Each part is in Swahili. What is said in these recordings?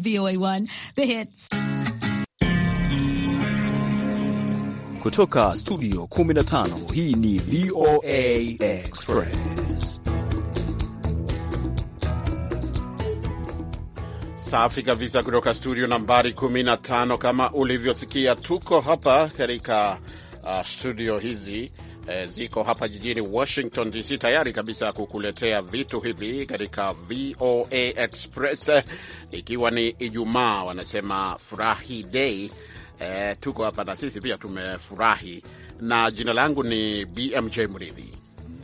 is VOA1 The Hits. Kutoka studio 15 hii ni VOA Express. Safi kabisa kutoka studio nambari 15, kama ulivyosikia, tuko hapa katika uh, studio hizi e, ziko hapa jijini Washington DC tayari kabisa kukuletea vitu hivi katika VOA Express, ikiwa ni Ijumaa, wanasema furahi dai E, eh, tuko hapa na sisi pia tumefurahi, na jina langu ni BMJ Mridhi.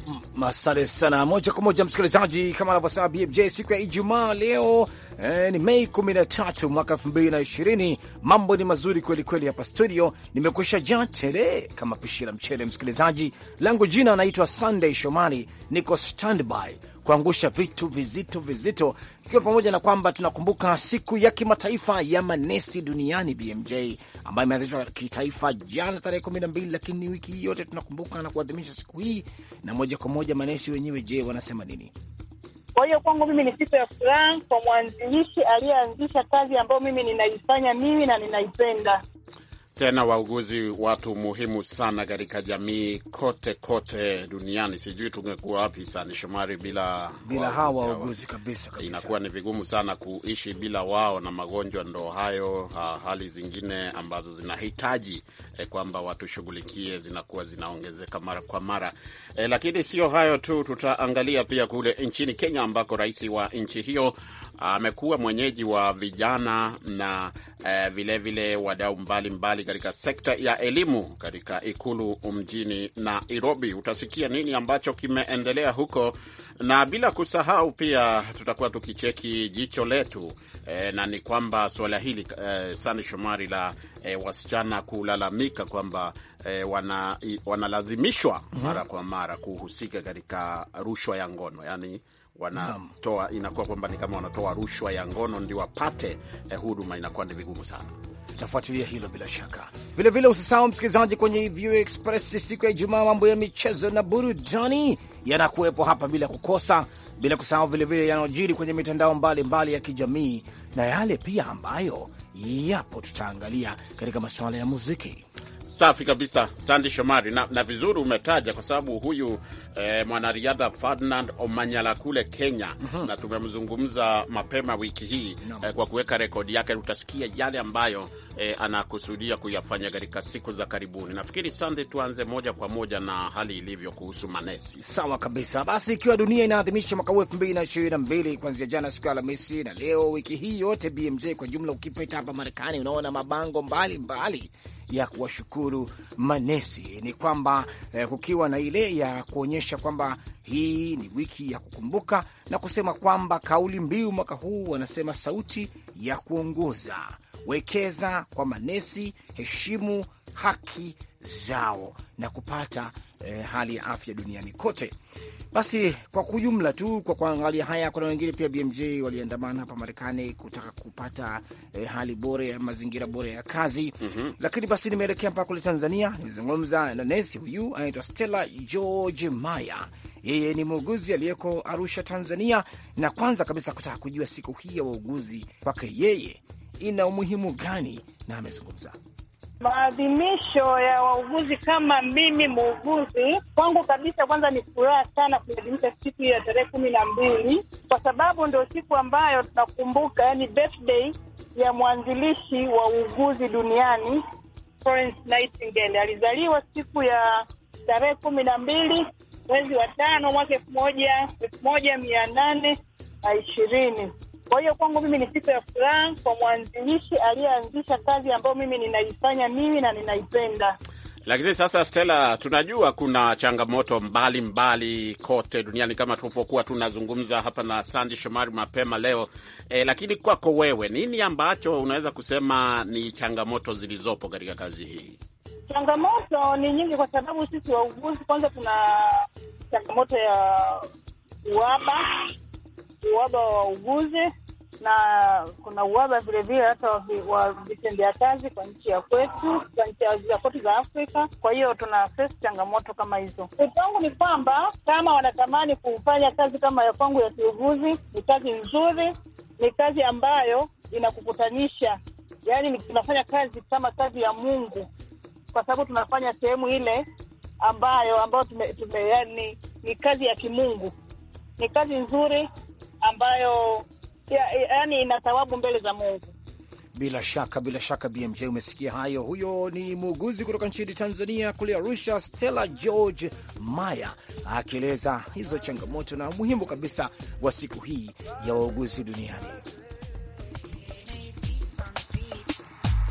Mm, asante sana. Moja kwa moja, msikilizaji, kama anavyosema BMJ, siku ya Ijumaa leo eh, ni Mei 13 mwaka 2020. Mambo ni mazuri kweli kweli hapa studio, nimekusha jaa tele kama pishi la mchele. Msikilizaji langu jina anaitwa Sunday Shomari, niko standby kuangusha vitu vizito vizito, ikiwa pamoja na kwamba tunakumbuka siku ya kimataifa ya manesi duniani BMJ, ambayo imeanzishwa kitaifa jana tarehe kumi na mbili, lakini wiki hii yote tunakumbuka na kuadhimisha siku hii. Na moja kwa moja manesi wenyewe, je, wanasema nini? Kwa hiyo kwangu mimi ni siku ya furaha kwa mwanzilishi aliyeanzisha kazi ambayo mimi ninaifanya mimi na ninaipenda. Tena wauguzi watu muhimu sana katika jamii kote kote duniani. Sijui tungekuwa wapi sani Shomari bila, bila hawa wauguzi kabisa, kabisa. Inakuwa ni vigumu sana kuishi bila wao, na magonjwa ndo hayo, hali zingine ambazo zinahitaji eh, kwamba watushughulikie zinakuwa zinaongezeka mara kwa mara eh, lakini sio hayo tu, tutaangalia pia kule nchini Kenya ambako rais wa nchi hiyo amekuwa mwenyeji wa vijana na eh, vilevile wadau mbalimbali katika sekta ya elimu katika ikulu mjini Nairobi. Utasikia nini ambacho kimeendelea huko, na bila kusahau pia tutakuwa tukicheki jicho letu eh, na ni kwamba suala hili eh, Sani Shomari la eh, wasichana kulalamika kwamba eh, wanalazimishwa mhm. mara kwa mara kuhusika katika rushwa ya ngono yani wanatoa inakuwa kwamba ni kama wanatoa rushwa ya ngono ndio wapate eh, huduma, inakuwa ni vigumu sana. Tutafuatilia hilo bila shaka. Vilevile usisahau msikilizaji, kwenye VOA Express siku ya Ijumaa, mambo ya michezo na burudani yanakuwepo hapa bila kukosa, bila kusahau vilevile yanayojiri kwenye mitandao mbalimbali mbali ya kijamii na yale pia ambayo yapo, tutaangalia katika masuala ya muziki. Safi kabisa, Sandi Shomari na, na vizuri umetaja kwa sababu huyu eh, mwanariadha Ferdinand Omanyala kule Kenya mm -hmm. na tumemzungumza mapema wiki hii no. eh, kwa kuweka rekodi yake. Utasikia yale ambayo eh, anakusudia kuyafanya katika siku za karibuni. Nafikiri Sandi, tuanze moja kwa moja na hali ilivyo kuhusu manesi. Sawa kabisa. Basi ikiwa dunia inaadhimisha mwaka huu elfu mbili na ishirini na mbili kuanzia jana siku ya Alhamisi na leo wiki hii yote, BMJ kwa jumla, ukipita hapa Marekani unaona mabango mbalimbali mbali ya kuwashukuru manesi ni kwamba eh, kukiwa na ile ya kuonyesha kwamba hii ni wiki ya kukumbuka na kusema kwamba kauli mbiu mwaka huu wanasema sauti ya kuongoza, wekeza kwa manesi, heshimu haki zao na kupata eh, hali ya afya duniani kote. Basi kwa kujumla tu kwa kuangalia haya, kuna wengine pia BMJ waliandamana hapa Marekani kutaka kupata eh, hali bora ya mazingira bora ya kazi mm -hmm. Lakini basi nimeelekea mpaka kule Tanzania, nimezungumza na nesi huyu anaitwa Stella George Maya, yeye ni muuguzi aliyeko Arusha, Tanzania, na kwanza kabisa kutaka kujua siku hii ya wauguzi kwake yeye ina umuhimu gani, na amezungumza Maadhimisho ya wauguzi kama mimi muuguzi, kwangu kabisa, kwanza ni furaha sana kuadhimisha siku ya tarehe kumi na mbili kwa sababu ndio siku ambayo tunakumbuka, yani birthday ya mwanzilishi wa uuguzi duniani Florence Nightingale. Alizaliwa siku ya tarehe kumi na mbili mwezi wa tano mwaka elfu moja elfu moja mia nane na ishirini. Kwa hiyo kwangu mimi ni siku ya furaha kwa mwanzilishi aliyeanzisha kazi ambayo mimi ninaifanya mimi na ninaipenda. Lakini sasa, Stella, tunajua kuna changamoto mbalimbali mbali kote duniani kama tulivyokuwa tunazungumza hapa na Sandi Shomari mapema leo e, lakini kwako wewe, nini ambacho unaweza kusema ni changamoto zilizopo katika kazi hii? Changamoto ni nyingi, kwa sababu sisi wauguzi kwanza, tuna changamoto ya uaba uhaba wa wauguzi na kuna uhaba vilevile hata wa vitendea kazi kwa nchi ya kwetu, kwa nchi za kwetu za Afrika. Kwa hiyo tuna face changamoto kama hizo. Kwangu ni kwamba kama wanatamani kufanya kazi kama ya kwangu ya kiuguzi, ni kazi nzuri, ni kazi ambayo inakukutanisha, yaani tunafanya kazi kama kazi ya Mungu, kwa sababu tunafanya sehemu ile ambayo ambayo tume, tume, yani, ni kazi ya kimungu, ni kazi nzuri ambayo yaani ina thawabu mbele za Mungu. Bila shaka bila shaka, BMJ umesikia hayo. Huyo ni muuguzi kutoka nchini Tanzania, kule Arusha, Stella George Maya akieleza hizo changamoto na umuhimu kabisa wa siku hii ya wauguzi duniani.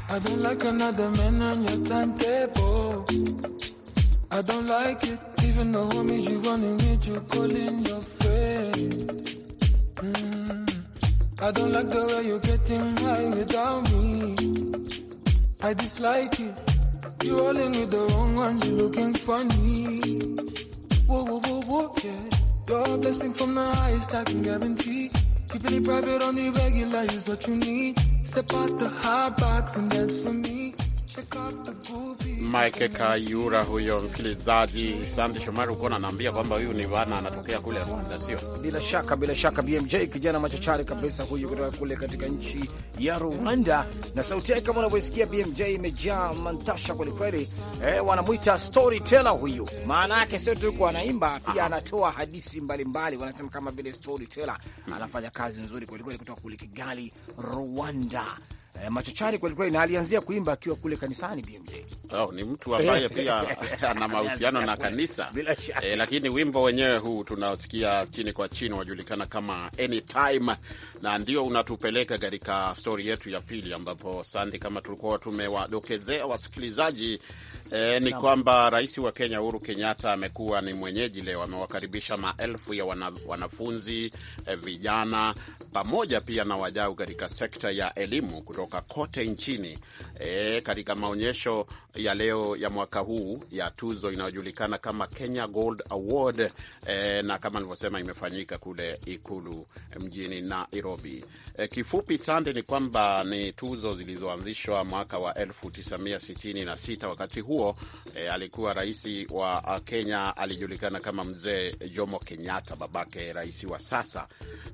I don't like I don't like the way you're getting high without me. I dislike it. You're rolling with the wrong ones, you're looking funny. Whoa, whoa, whoa, whoa, yeah. You're a blessing from the highest, I can guarantee. Keeping it private on the regular is what you need. Step out the hard box and dance for me. Check off the Mike Kayura huyo msikilizaji. Sandi Shomari ukuwa nanaambia kwamba huyu ni bana anatokea kule Rwanda, sio? Bila shaka, bila shaka, BMJ kijana machachari kabisa huyu kutoka kule katika nchi ya Rwanda, na sauti yake kama unavyosikia BMJ imejaa mantasha kwelikweli. Eh, wanamwita storyteller huyu, maana yake sio tu kwa anaimba, pia anatoa hadithi mbalimbali, wanasema kama vile storyteller. Anafanya kazi nzuri kwelikweli kutoka kule Kigali, Rwanda eh, kwelikweli, na alianzia kuimba akiwa kule kanisani BMJ. Oh, ni mtu ambaye pia ana mahusiano na kanisa eh, lakini wimbo wenyewe huu tunaosikia chini kwa chini unajulikana kama Anytime, na ndio unatupeleka katika stori yetu ya pili, ambapo Sandi, kama tulikuwa tumewadokezea wasikilizaji E, ni kwamba rais wa Kenya Uhuru Kenyatta amekuwa ni mwenyeji leo, amewakaribisha maelfu ya wana, wanafunzi e, vijana pamoja pia na wajau katika sekta ya elimu kutoka kote nchini e, katika maonyesho ya leo ya mwaka huu ya tuzo inayojulikana kama Kenya Gold Award e, na kama nilivyosema imefanyika kule ikulu mjini Nairobi. E, kifupi sande ni kwamba ni tuzo zilizoanzishwa mwaka wa 1966 wakati huu huo e, alikuwa rais wa Kenya, alijulikana kama Mzee Jomo Kenyatta, babake rais wa sasa,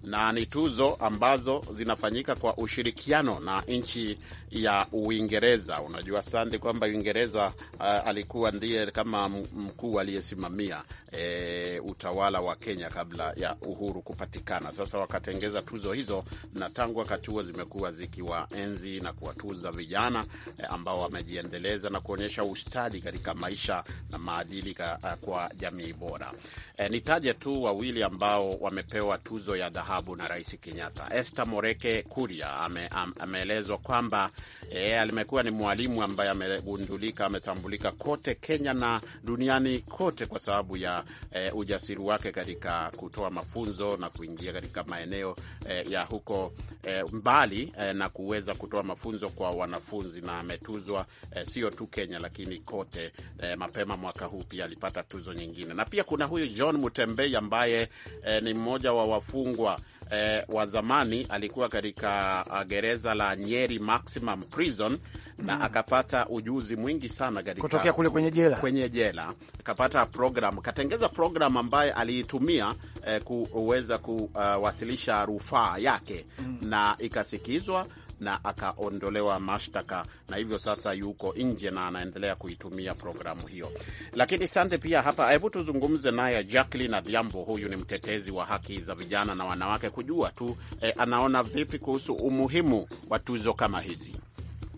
na ni tuzo ambazo zinafanyika kwa ushirikiano na nchi ya Uingereza. Unajua Sandi kwamba Uingereza uh, alikuwa ndiye kama mkuu aliyesimamia e, utawala wa Kenya kabla ya uhuru kupatikana. Sasa wakatengeza tuzo hizo, na tangu wakati huo zimekuwa zikiwaenzi na kuwatuza vijana e, ambao wamejiendeleza na kuonyesha stadi katika maisha na maadili uh, kwa jamii bora. E, nitaje tu wawili ambao wamepewa tuzo ya dhahabu na Rais Kenyatta. Esther Moreke Kuria ame, am, ameelezwa kwamba e, alimekuwa ni mwalimu ambaye amegundulika, ametambulika kote Kenya na duniani kote kwa sababu ya e, ujasiri wake katika kutoa mafunzo na kuingia katika maeneo e, ya huko e, mbali e, na kuweza kutoa mafunzo kwa wanafunzi na ametuzwa e, sio tu Kenya lakini kote. Eh, mapema mwaka huu pia alipata tuzo nyingine, na pia kuna huyu John Mutembei ambaye eh, ni mmoja wa wafungwa eh, wa zamani. Alikuwa katika ah, gereza la Nyeri Maximum Prison na mm, akapata ujuzi mwingi sana katika kutokea kule kwenye jela, kwenye jela akapata program, katengeza program ambaye aliitumia eh, kuweza kuwasilisha rufaa yake mm, na ikasikizwa na akaondolewa mashtaka, na hivyo sasa yuko nje na anaendelea kuitumia programu hiyo. Lakini sante pia hapa, hebu tuzungumze naye Jacqueline Adhiambo. Huyu ni mtetezi wa haki za vijana na wanawake, kujua tu eh, anaona vipi kuhusu umuhimu wa tuzo kama hizi.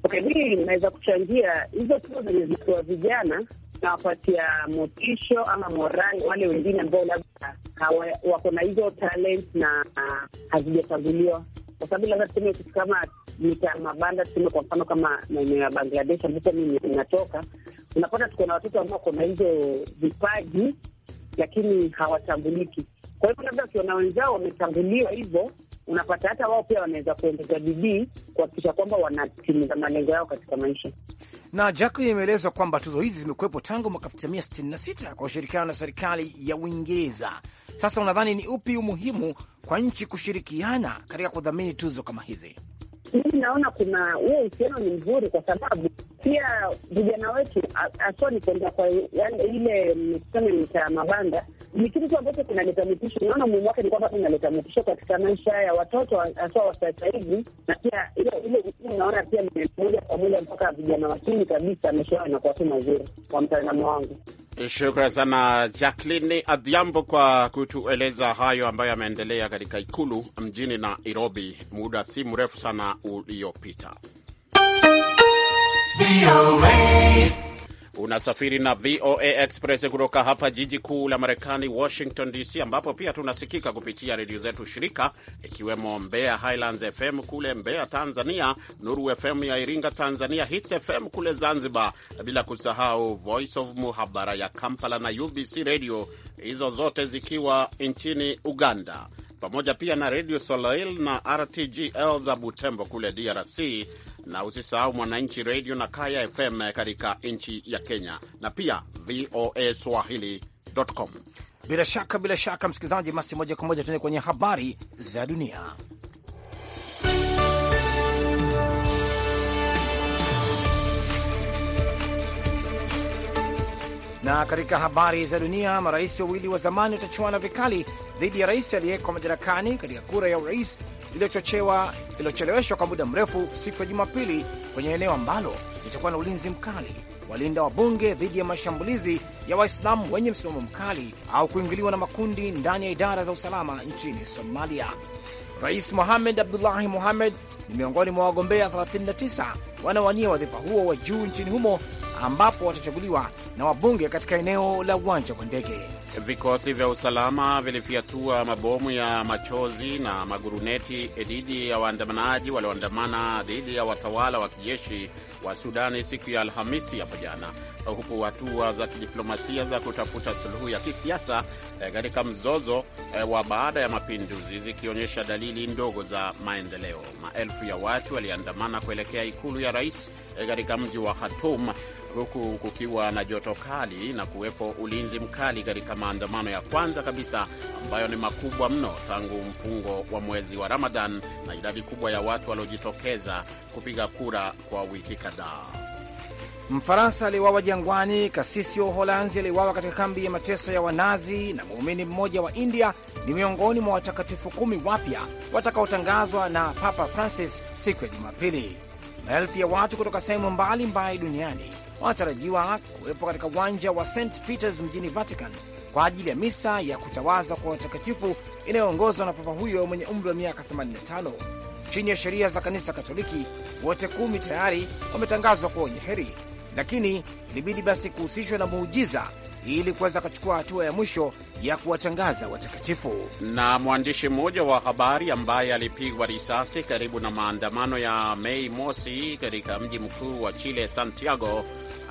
Okay, mii inaweza kuchangia hizo tuzo zenye zikiwa vijana nawapatia motisho ama morali wale wengine ambao labda wako na hizo talent na ah, hazijachaguliwa kwa sababu labda tuseme kitu kama mita mabanda, tuseme kwa mfano kama maeneo ya Bangladesh ambapo mimi inatoka unapata tuko na watoto ambao kuna hizo vipaji lakini hawatambuliki. Kwa hivyo labda ukiona wenzao wametambuliwa hivyo, unapata hata wao pia wanaweza kuongeza bidii kuhakikisha kwamba wanatimiza malengo yao katika maisha. Na Jacklin imeelezwa kwamba tuzo hizi zimekuwepo tangu mwaka 1966 kwa ushirikiano na serikali ya Uingereza. Sasa unadhani ni upi umuhimu kwa nchi kushirikiana katika kudhamini tuzo kama hizi? Mimi naona kuna huo uhusiano ni mzuri, kwa sababu pia vijana wetu aswa ni kuenda kwa ile mm, tuseme nita mabanda ni kitu tu ambacho kinaleta mtisho. naona umuhimu wake ni kwamba inaleta mtisho katika maisha ya watoto aswa wa sasa hivi, na pia ile naona pia moja kwa moja mpaka vijana wa chini kabisa maisha yao yanakuwa tu mazuri, kwa mtazamo wangu. Shukran sana Jacqueline Adhiambo kwa kutueleza hayo ambayo yameendelea katika ikulu mjini Nairobi muda si mrefu sana uliopita. Unasafiri na VOA Express kutoka hapa jiji kuu la Marekani, Washington DC, ambapo pia tunasikika kupitia redio zetu shirika, ikiwemo Mbeya Highlands FM kule Mbeya, Tanzania, Nuru FM ya Iringa, Tanzania, Hits FM kule Zanzibar, bila kusahau Voice of Muhabara ya Kampala na UBC Radio, hizo zote zikiwa nchini Uganda pamoja pia na Radio Solail na RTGL za Butembo kule DRC, na usisahau Mwananchi Radio na Kaya FM katika nchi ya Kenya, na pia VOA Swahili.com. Bila shaka, bila shaka msikilizaji, basi moja kwa moja tuende kwenye habari za dunia. Na katika habari za dunia, marais wawili wa zamani watachuana vikali dhidi ya rais aliyeko madarakani katika kura ya urais iliyocheleweshwa kwa muda mrefu siku ya Jumapili kwenye eneo ambalo litakuwa na ulinzi mkali walinda wa bunge dhidi ya mashambulizi ya Waislamu wenye msimamo mkali au kuingiliwa na makundi ndani ya idara za usalama nchini Somalia. Rais Mohamed Abdullahi Mohamed ni miongoni mwa wagombea 39 wanawania wadhifa huo wa juu nchini humo ambapo watachaguliwa na wabunge katika eneo la uwanja wa ndege. Vikosi vya usalama vilifyatua mabomu ya machozi na maguruneti dhidi ya waandamanaji walioandamana dhidi ya watawala wa kijeshi wa Sudani siku ya Alhamisi hapo jana, huku hatua za kidiplomasia za kutafuta suluhu ya kisiasa eh, katika eh, mzozo eh, wa baada ya mapinduzi zikionyesha dalili ndogo za maendeleo. Maelfu ya watu waliandamana kuelekea ikulu ya rais eh, katika eh, mji wa Khartoum huku kukiwa na joto kali na kuwepo ulinzi mkali katika maandamano ya kwanza kabisa ambayo ni makubwa mno tangu mfungo wa mwezi wa ramadan na idadi kubwa ya watu waliojitokeza kupiga kura kwa wiki kadhaa. Mfaransa aliwawa jangwani, kasisi wa Uholanzi aliwawa katika kambi ya mateso ya Wanazi, na muumini mmoja wa India ni miongoni mwa watakatifu kumi wapya watakaotangazwa na Papa Francis siku ya Jumapili. Maelfu ya watu kutoka sehemu mbalimbali duniani wanatarajiwa kuwepo katika uwanja wa St Peters mjini Vatican kwa ajili ya misa ya kutawaza kwa watakatifu inayoongozwa na papa huyo mwenye umri wa miaka 85. Chini ya sheria za kanisa Katoliki, wote kumi tayari wametangazwa kuwa wenye heri, lakini ilibidi basi kuhusishwa na muujiza ili kuweza kuchukua hatua ya mwisho ya kuwatangaza watakatifu. Na mwandishi mmoja wa habari ambaye alipigwa risasi karibu na maandamano ya Mei Mosi katika mji mkuu wa Chile, Santiago,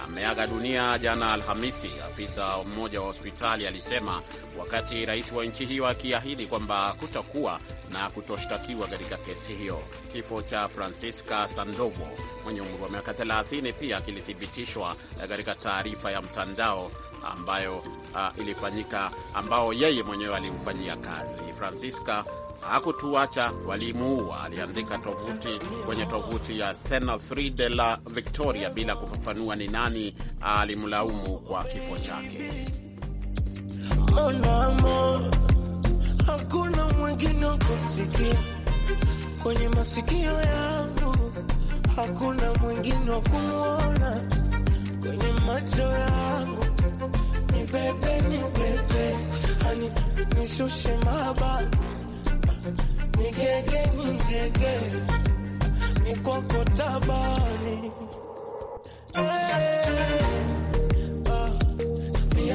ameaga dunia jana Alhamisi, afisa mmoja wa hospitali alisema, wakati rais wa nchi hiyo akiahidi kwamba kutakuwa na kutoshtakiwa katika kesi hiyo. Kifo cha Francisca Sandovo mwenye umri wa miaka 30 pia kilithibitishwa katika taarifa ya mtandao ambayo uh, ilifanyika ambao yeye mwenyewe alimfanyia kazi. Francisca hakutuacha walimuua, aliandika tovuti kwenye tovuti ya Sena 3 de la Victoria bila kufafanua ni nani alimlaumu kwa kifo chake. Hakuna mwingine kumsikia kwenye masikio yangu, hakuna mwingine wa kumwona kwenye macho yangu. Ni bebe, ni bebe, nishushe migege migege mikoko tabani eh, ah,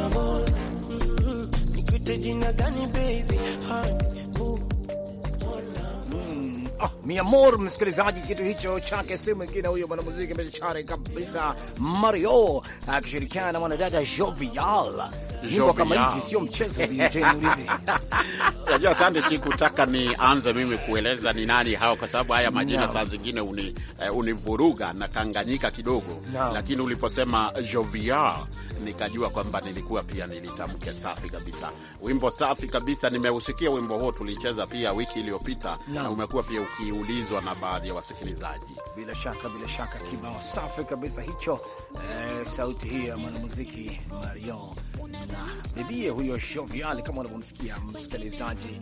mm-hmm. nikute jina gani baby Oh, miamor msikilizaji, kitu hicho chake si mwingine huyo mwanamuziki machachari kabisa Mario akishirikiana na mwanadada Jovial nyimbo kama hizi sio mchezo. Unajua, asante. Sikutaka nianze mimi kueleza ni nani hao, kwa sababu haya majina no. saa zingine uni, uh, univuruga na kanganyika kidogo no. Lakini uliposema Jovial nikajua kwamba nilikuwa pia nilitamke safi kabisa, wimbo safi kabisa. Nimeusikia wimbo huo, tulicheza pia wiki iliyopita no. na umekuwa pia ukiulizwa na baadhi ya wasikilizaji. Bila shaka, bila shaka, kibao safi kabisa hicho. Eh, sauti hii ya mwanamuziki Mario bibie huyo Shovial kama unavyomsikia msikilizaji,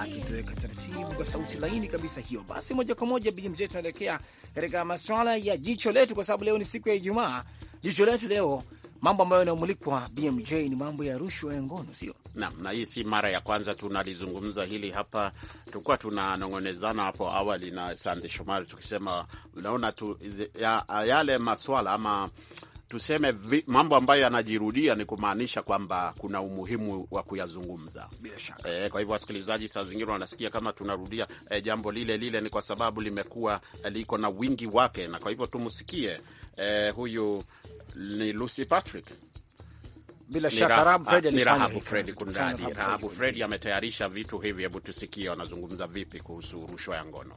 akitoweka taratibu kwa sauti laini kabisa hiyo. Basi moja kwa moja BMJ, tunaelekea katika maswala ya jicho letu, kwa sababu leo ni siku ya Ijumaa. Jicho letu leo mambo ambayo yanamulikwa BMJ ni mambo ya rushwa ya ngono, sio naam. Na hii si mara ya kwanza tunalizungumza hili hapa, tulikuwa tunanong'onezana hapo awali na Sande Shomari tukisema, unaona tu ya, yale maswala ama tuseme vi, mambo ambayo yanajirudia ni kumaanisha kwamba kuna umuhimu wa kuyazungumza bila shaka. E, kwa hivyo wasikilizaji, saa zingine wanasikia kama tunarudia e, jambo lile lile, ni kwa sababu limekuwa eh, liko na wingi wake, na kwa hivyo tumsikie e, huyu ni Lucy Patrick. Bila shaka Rahabu Fredi ah, Kundadi, Rahabu Fredi ametayarisha vitu hivi. Hebu tusikie wanazungumza vipi kuhusu rushwa ya ngono.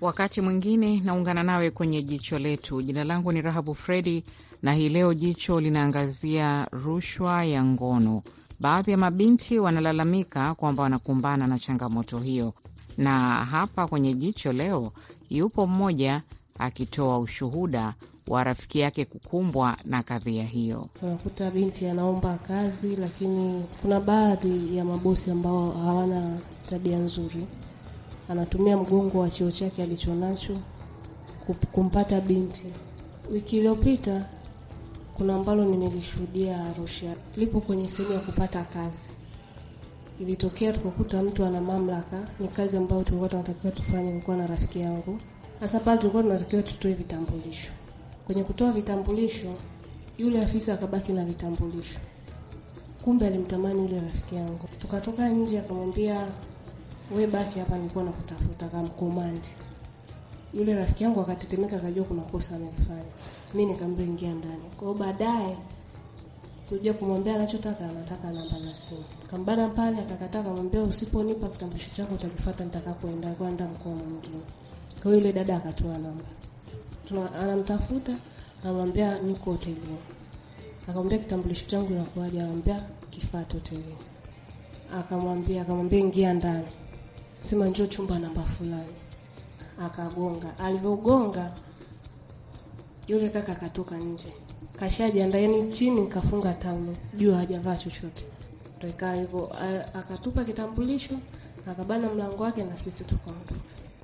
Wakati mwingine naungana nawe kwenye jicho letu. Jina langu ni Rahabu Fredi na hii leo jicho linaangazia rushwa ya ngono. Baadhi ya mabinti wanalalamika kwamba wanakumbana na changamoto hiyo, na hapa kwenye jicho leo yupo mmoja akitoa ushuhuda wa rafiki yake kukumbwa na kadhia hiyo. Unakuta binti anaomba kazi, lakini kuna baadhi ya mabosi ambao hawana tabia nzuri, anatumia mgongo wa cheo chake alichonacho kumpata binti. Wiki iliyopita kuna ambalo nimelishuhudia Arusha, lipo kwenye sehemu ya kupata kazi. Ilitokea tukakuta mtu ana mamlaka, ni kazi ambayo tulikuwa tunatakiwa tufanye, nilikuwa na rafiki yangu. Sasa pale tulikuwa tunatakiwa tutoe vitambulisho. Kwenye kutoa vitambulisho, yule afisa akabaki na vitambulisho, kumbe alimtamani yule rafiki yangu. Tukatoka nje, akamwambia we baki hapa, nilikuwa nakutafuta kama komandi yule rafiki yangu akatetemeka, akajua kuna kosa amefanya. Mimi nikamwambia ingia ndani. Kwa hiyo baadaye kuja kumwambia anachotaka, anataka namba za simu. Kambana pale akakataa, akamwambia usiponipa kitambulisho chako utakifuata nitakapoenda, kwenda mkoa mwingine. Kwa hiyo yule dada akatoa namba. Tuna anamtafuta, anamwambia niko hotelini. Akamwambia kitambulisho changu inakuaje? anamwambia kifuate hotelini. Akamwambia akamwambia ingia ndani. Sema njoo chumba namba fulani akagonga. Alivyogonga yule kaka akatoka nje, kashajiandaa yani chini kafunga taulo juu, hajavaa chochote, ndio ikawa hivyo. Akatupa kitambulisho, akabana mlango wake na sisi tukaondoka.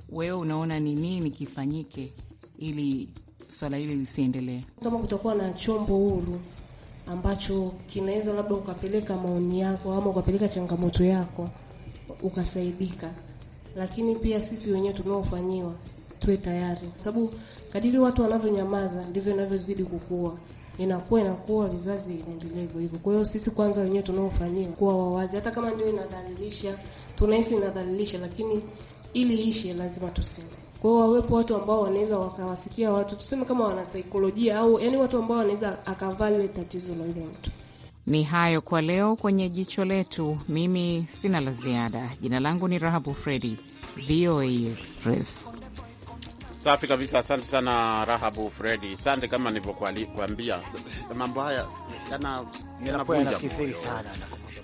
Wewe unaona ni nini kifanyike ili swala hili lisiendelee? Kama kutakuwa na chombo huru ambacho kinaweza labda ukapeleka maoni yako ama ukapeleka changamoto yako ukasaidika lakini pia sisi wenyewe tunaofanyiwa tuwe tayari, kwa sababu kadiri watu wanavyonyamaza ndivyo inavyozidi kukua inakuwa inakuwa, vizazi inaendelea hivyo hivyo. Kwa hiyo sisi kwanza wenyewe tunaofanyiwa kuwa wawazi, hata kama ndio inadhalilisha, tunahisi inadhalilisha, lakini ili ishe lazima tuseme. Kwa hiyo wawepo watu ambao wanaweza wakawasikia watu, tuseme kama wanasaikolojia au yani watu ambao wanaweza akavalue tatizo la ile mtu. Ni hayo kwa leo kwenye jicho letu. Mimi sina la ziada. Jina langu ni Rahabu Fredi, VOA Express. Safi kabisa, asante sana Rahabu Fredi. Sante, kama nilivyokuambia mambo haya yanavunja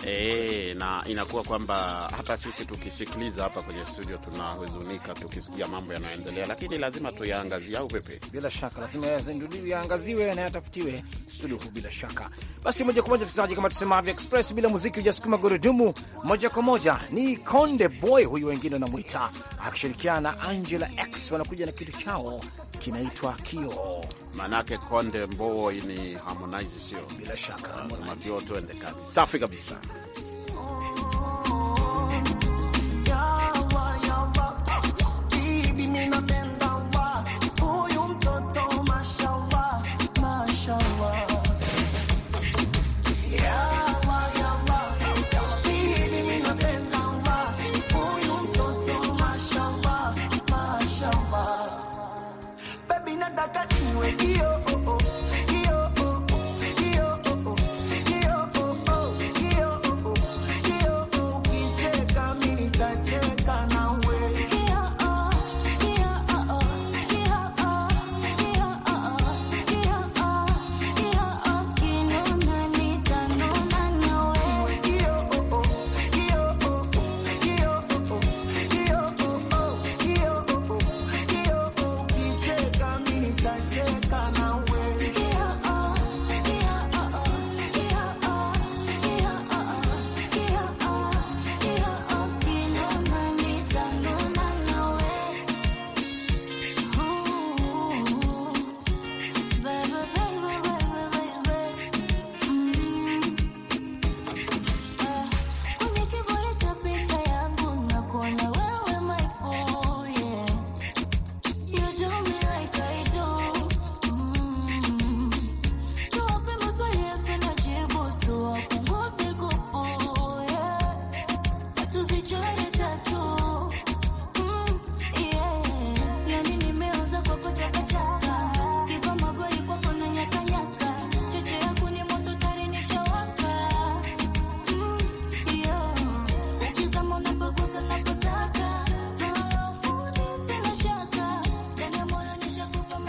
E, na inakuwa kwamba hata sisi tukisikiliza hapa kwenye studio tunahuzunika tukisikia mambo yanayoendelea, lakini lazima tuyaangazie, au vipi? Bila shaka lazima yaangaziwe na yatafutiwe suluhu, bila shaka. Basi moja kwa moja tusaji, kama tusemavyo, express bila muziki hujasukuma gurudumu. Moja kwa moja ni Konde Boy huyu, wengine wanamwita, akishirikiana na Angela X wanakuja na kitu chao kinaitwa Kio. Manake Konde Mboy ni Harmonize, sio? Bila shaka, tunatakiwa ah, tuende kazi safi kabisa.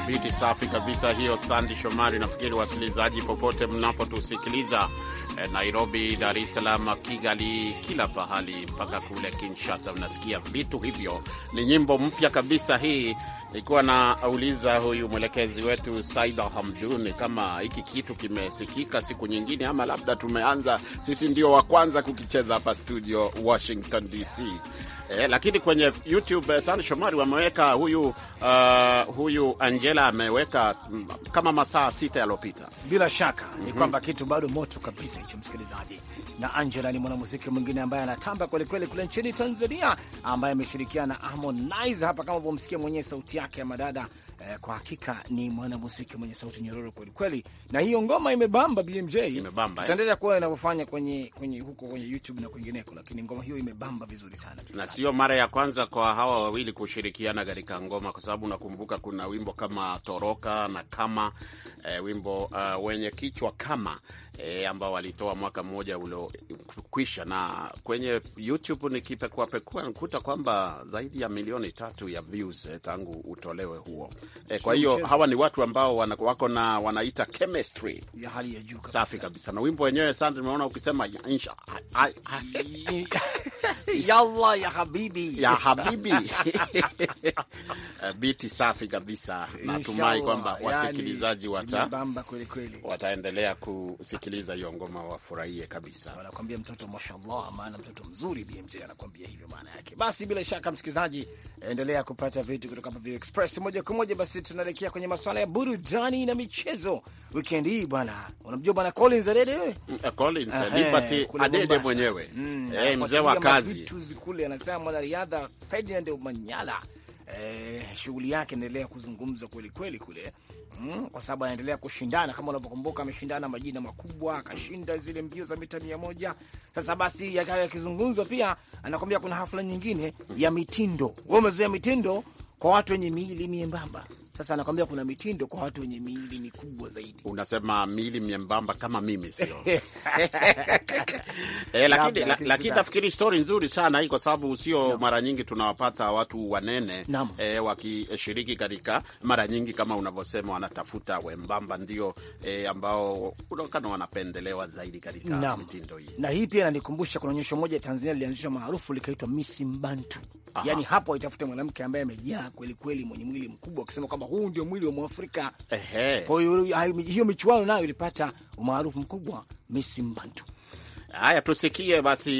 mkamiti. Safi kabisa hiyo, Sandi Shomari. Nafikiri wasikilizaji, popote mnapotusikiliza eh, Nairobi, Dar es Salaam, Kigali, kila pahali mpaka kule Kinshasa, unasikia vitu hivyo. Ni nyimbo mpya kabisa hii. Nilikuwa nauliza huyu mwelekezi wetu Saida Hamdun kama hiki kitu kimesikika siku nyingine, ama labda tumeanza sisi ndio wa kwanza kukicheza hapa studio Washington DC. Eh, lakini kwenye YouTube eh, sana Shomari wameweka huyu uh, huyu Angela ameweka mm, kama masaa sita yaliyopita. Bila shaka mm -hmm. ni mhm. kwamba kitu bado moto kabisa hicho, msikilizaji. Na Angela ni mwanamuziki mwingine ambaye anatamba kwelikweli kule nchini Tanzania, ambaye ameshirikiana na Harmonize hapa, kama vyomsikia mwenyewe sauti yake ya madada eh, kwa hakika ni mwanamuziki mwenye sauti nyororo kwelikweli, na hiyo ngoma imebamba BMJ, imebamba eh. tutaendelea eh, kuwa inavyofanya kwenye, kwenye huko kwenye YouTube na kwingineko, lakini ngoma hiyo imebamba vizuri sana, na sio mara ya kwanza kwa hawa wawili kushirikiana katika ngoma, kwa sababu nakumbuka kuna wimbo kama Toroka na kama eh, wimbo uh, wenye kichwa kama eh, ambao walitoa mwaka mmoja uliokwisha, na kwenye YouTube nikipekuapekua nkuta kwamba zaidi ya milioni tatu ya views eh, tangu utolewe huo eh, kwa hiyo hawa ni watu ambao wako na wanaita chemistry ya hali ya juu safi kabisa, na wimbo wenyewe sana nimeona ukisema insha yalla ya habibi ya habibi eh, biti safi kabisa. Natumai kwamba wasikilizaji wa wata bamba kupata, wataendelea kusikiliza hiyo ngoma, wafurahie kabisa. Wanakuambia mtoto mashallah, maana mtoto mzuri. BMJ anakuambia hivyo, maana yake. Basi bila shaka, msikilizaji, endelea kupata vitu kutoka hapa Express moja kwa moja. Basi tunaelekea kwenye masuala ya burudani na michezo weekend hii. Bwana, unamjua bwana Collins Adede wewe? Mm, Collins Liberty Adede mwenyewe, Mm, eh, mzee wa kazi Tuzi kule, anasema mwanariadha Ferdinand Omanyala, eh, shughuli yake inaendelea kuzungumza kweli kweli kule mm, kwa sababu anaendelea kushindana kama unavyokumbuka, ameshindana majina makubwa, akashinda zile mbio za mita mia moja. Sasa basi yakawa yakizungumzwa, pia anakwambia kuna hafla nyingine ya mitindo. We umezoea mitindo kwa watu wenye miili miembamba sasa anakwambia kuna mitindo kwa watu wenye miili mikubwa zaidi. Unasema miili miembamba kama mimi, sio? E, lakini lakini nafikiri stori nzuri sana hii, kwa sababu sio mara nyingi tunawapata watu wanene e, wakishiriki katika, mara nyingi kama unavyosema, wanatafuta wembamba ndio e, ambao unaonekana wanapendelewa zaidi katika mitindo hii. Na hii pia inanikumbusha kuna onyesho moja Tanzania lilianzishwa maarufu likaitwa Misi Mbantu, Yani hapo aitafute mwanamke ambaye amejaa kwelikweli mwenye mwili mkubwa, akisema kwamba huu ndio mwili wa Mwafrika. Kwa hiyo hiyo michuano nayo ilipata umaarufu mkubwa Miss Mbantu. Haya, tusikie basi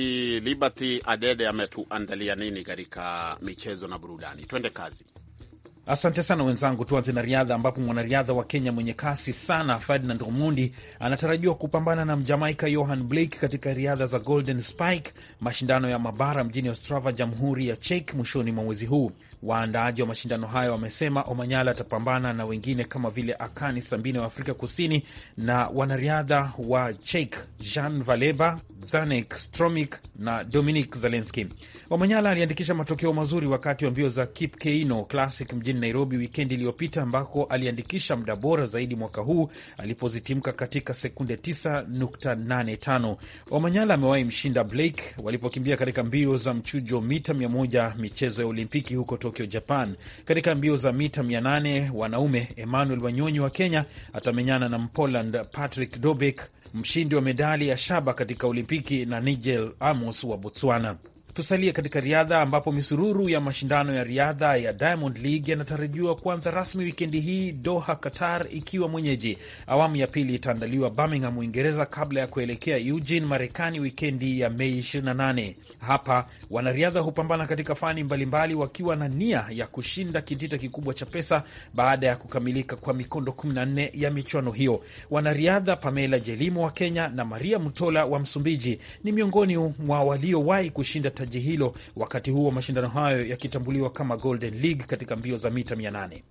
Liberty Adede ametuandalia nini katika michezo na burudani. Twende kazi. Asante sana wenzangu, tuanze na riadha ambapo mwanariadha wa Kenya mwenye kasi sana Ferdinand Omundi anatarajiwa kupambana na Mjamaika Johan Blake katika riadha za Golden Spike, mashindano ya mabara mjini Ostrava, Jamhuri ya Czech mwishoni mwa mwezi huu. Waandaaji wa mashindano hayo wamesema Omanyala atapambana na wengine kama vile Akani Sambine wa Afrika Kusini na wanariadha wa Chek Jean Valeba, Zanek Stromik na Dominik Zelenski. Omanyala aliandikisha matokeo mazuri wakati wa mbio za Keino Classic mjini Nairobi wikendi iliyopita, ambako aliandikisha mda bora zaidi mwaka huu alipozitimka katika sekunde 9.85. Omanyala amewahi mshinda Blake walipokimbia katika mbio za mchujo mita 100 michezo ya Olimpiki huko Tokyo, Japan. Katika mbio za mita 800 wanaume, Emmanuel Wanyonyi wa Kenya atamenyana na Mpoland Patrick Dobik, mshindi wa medali ya shaba katika Olimpiki, na Nigel Amos wa Botswana. Tusalie katika riadha ambapo misururu ya mashindano ya riadha ya Diamond League yanatarajiwa kuanza rasmi wikendi hii Doha, Qatar ikiwa mwenyeji. Awamu ya pili itaandaliwa Birmingham, Uingereza, kabla ya kuelekea Eugene, Marekani, wikendi ya Mei 28. Hapa wanariadha hupambana katika fani mbalimbali, wakiwa na nia ya kushinda kitita kikubwa cha pesa baada ya kukamilika kwa mikondo 14 ya michuano hiyo. Wanariadha Pamela Jelimo wa Kenya na Maria Mtola wa Msumbiji ni miongoni mwa waliowahi kushinda taji hilo, wakati huo mashindano hayo yakitambuliwa kama Golden League katika mbio za mita 800.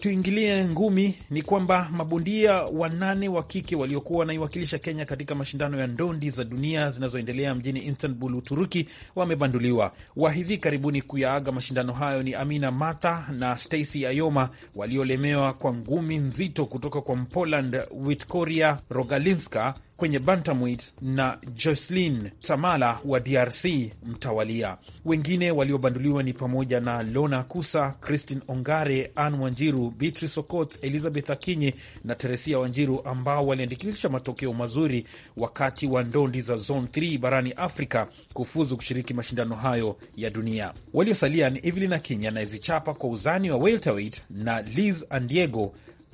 Tuingilie ngumi ni kwamba mabondia wanane wa kike waliokuwa wanaiwakilisha Kenya katika mashindano ya ndondi za dunia zinazoendelea mjini Istanbul, Uturuki, wamebanduliwa. Wa hivi karibuni kuyaaga mashindano hayo ni Amina Matha na Stacy Ayoma, waliolemewa kwa ngumi nzito kutoka kwa Mpoland Witkoria Rogalinska kwenye bantamweight na Jocelyn Tamala wa DRC mtawalia. Wengine waliobanduliwa ni pamoja na Lona Kusa, Christine Ongare, Ann Wanjiru, Beatrice Okoth, Elizabeth Akinyi na Teresia Wanjiru ambao waliandikisha matokeo mazuri wakati wa ndondi za Zone 3 barani Afrika kufuzu kushiriki mashindano hayo ya dunia. Waliosalia ni Evelyn Akinyi anayezichapa kwa uzani wa welterweight na Liz Andiego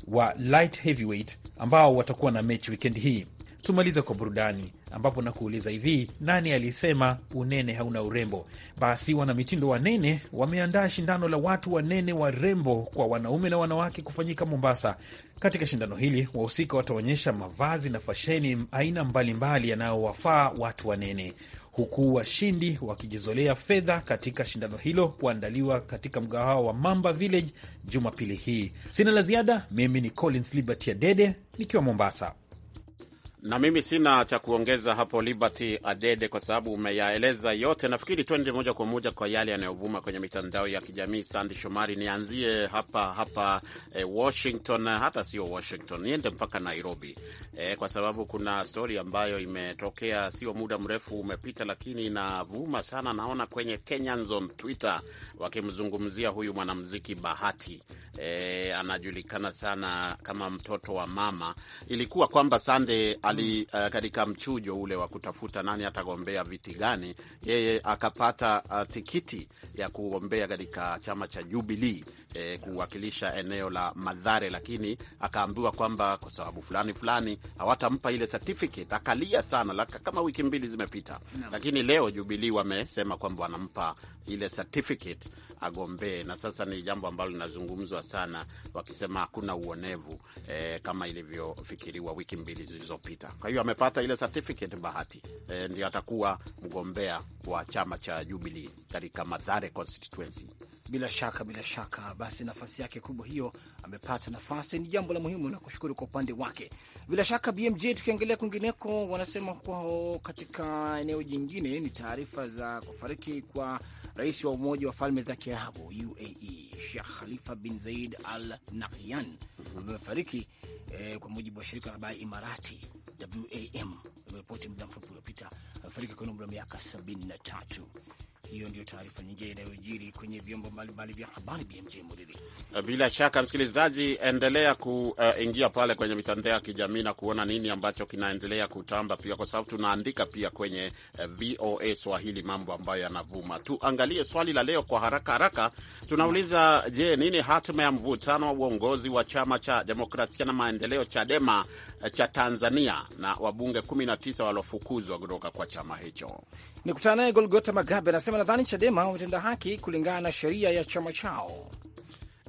wa light heavyweight ambao watakuwa na mechi wikendi hii tumalize kwa burudani, ambapo nakuuliza hivi, nani alisema unene hauna urembo? Basi wanamitindo wanene wameandaa shindano la watu wanene warembo kwa wanaume na wanawake kufanyika Mombasa. Katika shindano hili wahusika wataonyesha mavazi na fasheni aina mbalimbali yanayowafaa watu wanene huku washindi wakijizolea fedha katika shindano hilo kuandaliwa katika mgahawa wa Mamba Village Jumapili hii. Sina la ziada. Mimi ni Collins Liberty Adede nikiwa Mombasa na mimi sina cha kuongeza hapo, Liberty Adede, kwa sababu umeyaeleza yote. Nafikiri twende moja kwa moja kwa yale yanayovuma kwenye mitandao ya kijamii. Sandi Shomari, nianzie hapa hapa eh, Washington, hata sio Washington, niende mpaka Nairobi eh, kwa sababu kuna stori ambayo imetokea sio muda mrefu umepita, lakini inavuma sana. Naona kwenye Kenyans on Twitter wakimzungumzia huyu mwanamziki Bahati eh, anajulikana sana kama mtoto wa mama. Ilikuwa kwamba Sande ali uh, eh, katika mchujo ule wa kutafuta nani atagombea viti gani, yeye akapata uh, tikiti ya kugombea katika chama cha Jubilee eh, kuwakilisha eneo la Madhare, lakini akaambiwa kwamba kwa sababu fulani fulani hawatampa ile certificate. Akalia sana laka, kama wiki mbili zimepita no. Lakini leo Jubilee wamesema kwamba wanampa ile certificate agombee, na sasa ni jambo ambalo linazungumzwa sana, wakisema hakuna uonevu eh, kama ilivyofikiriwa wiki mbili zilizopita sita. Kwa hiyo amepata ile certificate bahati e, ndio atakuwa mgombea wa chama cha Jubilee katika Mathare constituency. Bila shaka, bila shaka, basi nafasi yake kubwa hiyo amepata nafasi, ni jambo la muhimu na kushukuru kwa upande wake. Bila shaka BMJ, tukiangalia kwingineko, wanasema kwao katika eneo jingine ni taarifa za kufariki kwa rais wa Umoja wa Falme za Kiarabu UAE shekh Khalifa bin Zaid Al Nahyan amefariki eh, kwa mujibu wa shirika la habari Imarati WAM imeripoti muda mfupi uliopita. Amefariki kwenye umri wa miaka 73. Hiyo ndio taarifa nyingine inayojiri kwenye vyombo mbalimbali vya habari. BMJ Muriri, eh, bila shaka msikilizaji, endelea kuingia uh, pale kwenye mitandao ya kijamii na kuona nini ambacho kinaendelea kutamba pia, kwa sababu tunaandika pia kwenye uh, eh, VOA Swahili mambo ambayo yanavuma. Tuangalie swali la leo kwa haraka haraka. Tunauliza, je, nini hatima ya mvutano wa uongozi wa chama cha demokrasia na maendeleo CHADEMA Eh, cha Tanzania na wabunge 19 waliofukuzwa kutoka kwa chama hicho. Nikutana naye Golgota Magabe anasema nadhani Chadema wametenda haki kulingana na sheria ya chama chao.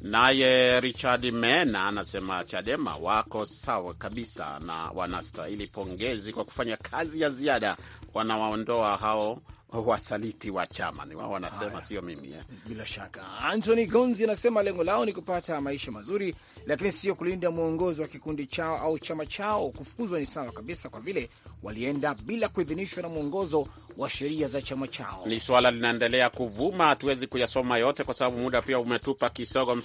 Naye Richard Mena anasema Chadema wako sawa kabisa na wanastahili pongezi kwa kufanya kazi ya ziada, wanawaondoa hao wasaliti wa chama ni wao wanasema, sio mimi eh. Bila shaka Anthony Gonzi anasema lengo lao ni kupata maisha mazuri, lakini sio kulinda mwongozo wa kikundi chao au chama chao. Kufukuzwa ni sawa kabisa, kwa vile walienda bila kuidhinishwa na mwongozo wa sheria za chama chao. Ni swala linaendelea kuvuma, hatuwezi kuyasoma yote kwa sababu muda pia umetupa kisogo.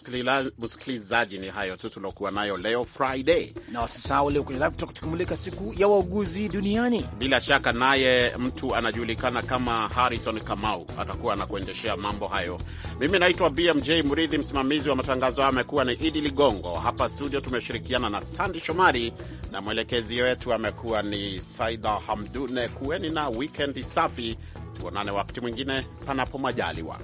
Msikilizaji, ni hayo tu tuliokuwa nayo leo Friday, na wasisahau leo kwenye live tukumulika siku ya wauguzi duniani. Bila shaka naye mtu anajulikana kama harison Harrison Kamau atakuwa anakuendeshea mambo hayo. Mimi naitwa BMJ mridhi msimamizi wa matangazo hayo amekuwa ni Idi Ligongo. Hapa studio tumeshirikiana na Sandi Shomari na mwelekezi wetu amekuwa ni Saida Hamdune. Kuweni na wikendi safi, tuonane wakati mwingine panapo majaliwa.